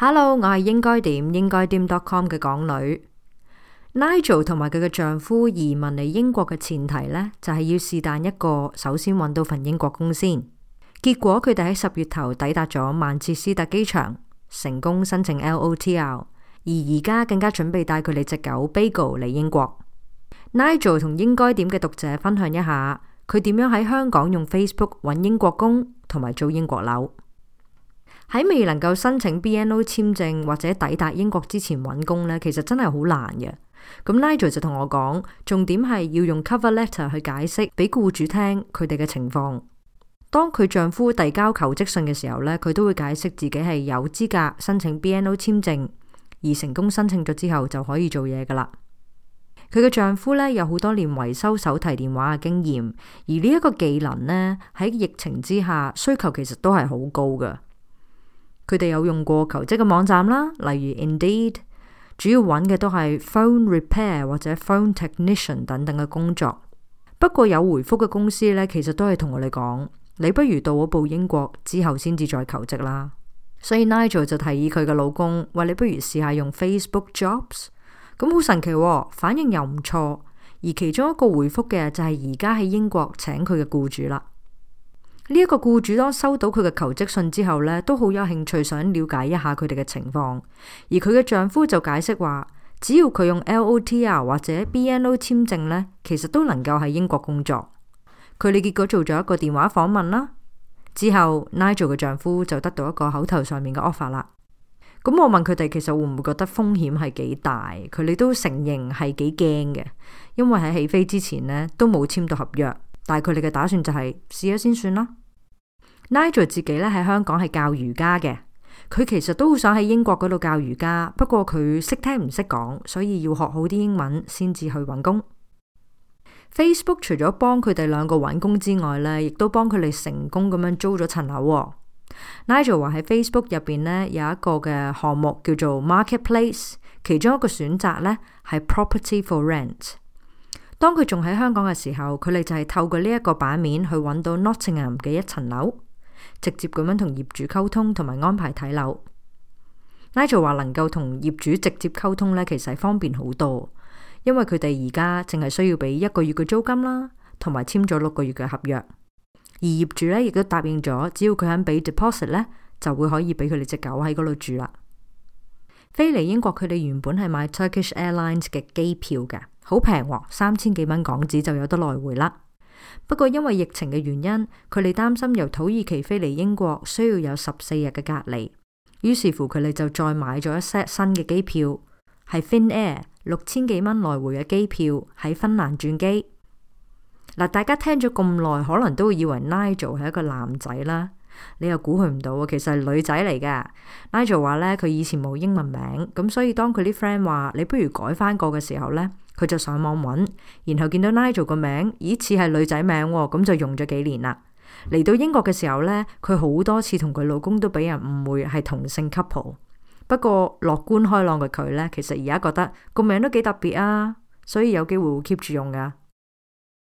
Hello，我係應該點應該點 dotcom 嘅港女 Nigel 同埋佢嘅丈夫移民嚟英國嘅前提呢，就係、是、要是但一個首先揾到份英國工先。結果佢哋喺十月頭抵達咗曼徹斯斯特機場，成功申請 LOTR，而而家更加準備帶佢哋隻狗 Bago 嚟英國。Nigel 同應該點嘅讀者分享一下佢點樣喺香港用 Facebook 揾英國工同埋租英國樓。喺未能夠申請 BNO 簽證或者抵達英國之前，揾工呢，其實真係好難嘅。咁 Nigel 就同我講，重點係要用 cover letter 去解釋俾僱主聽佢哋嘅情況。當佢丈夫遞交求職信嘅時候呢，佢都會解釋自己係有資格申請 BNO 簽證，而成功申請咗之後就可以做嘢噶啦。佢嘅丈夫呢，有好多年維修手提電話嘅經驗，而呢一個技能呢，喺疫情之下需求其實都係好高噶。佢哋有用過求職嘅網站啦，例如 Indeed，主要揾嘅都係 phone repair 或者 phone technician 等等嘅工作。不過有回覆嘅公司呢，其實都係同我哋講，你不如到埗英國之後先至再求職啦。所以 Nigel 就提議佢嘅老公話，你不如試下用 Facebook Jobs，咁好神奇喎，反應又唔錯。而其中一個回覆嘅就係而家喺英國請佢嘅僱主啦。呢一個僱主當收到佢嘅求職信之後咧，都好有興趣想了解一下佢哋嘅情況。而佢嘅丈夫就解釋話，只要佢用 LOTR 或者 B N O 簽證咧，其實都能夠喺英國工作。佢哋結果做咗一個電話訪問啦。之後 Nigel 嘅丈夫就得到一個口頭上面嘅 offer 啦。咁、嗯、我問佢哋，其實會唔會覺得風險係幾大？佢哋都承認係幾驚嘅，因為喺起飛之前呢都冇簽到合約，但係佢哋嘅打算就係試下先算啦。Nigel 自己咧喺香港係教瑜伽嘅，佢其實都好想喺英國嗰度教瑜伽，不過佢識聽唔識講，所以要學好啲英文先至去揾工。Facebook 除咗幫佢哋兩個揾工之外咧，亦都幫佢哋成功咁樣租咗層樓喎。Nigel 話喺 Facebook 入邊咧有一個嘅項目叫做 Marketplace，其中一個選擇咧係 Property for Rent。當佢仲喺香港嘅時候，佢哋就係透過呢一個版面去揾到 Nottingham 嘅一層樓。直接咁樣同業主溝通同埋安排睇樓。Nigel 話能夠同業主直接溝通呢，其實方便好多，因為佢哋而家淨係需要俾一個月嘅租金啦，同埋簽咗六個月嘅合約。而業主呢，亦都答應咗，只要佢肯俾 deposit 呢，就會可以俾佢哋隻狗喺嗰度住啦。飛嚟英國，佢哋原本係買 Turkish Airlines 嘅機票嘅，好平喎，三千幾蚊港紙就有得來回啦。不過因為疫情嘅原因，佢哋擔心由土耳其飛嚟英國需要有十四日嘅隔離，於是乎佢哋就再買咗一些新嘅機票，係 Finair 六千幾蚊來回嘅機票喺芬蘭轉機。嗱，大家聽咗咁耐，可能都會以為 Nigel 係一個男仔啦，你又估佢唔到，其實係女仔嚟噶。Nigel 話呢，佢以前冇英文名，咁所以當佢啲 friend 話你不如改翻個嘅時候呢。」佢就上網揾，然後見到 Nigel 個名，咦似係女仔名喎，咁就用咗幾年啦。嚟到英國嘅時候咧，佢好多次同佢老公都俾人誤會係同性 couple。不過樂觀開朗嘅佢咧，其實而家覺得個名都幾特別啊，所以有機會會 keep 住用噶。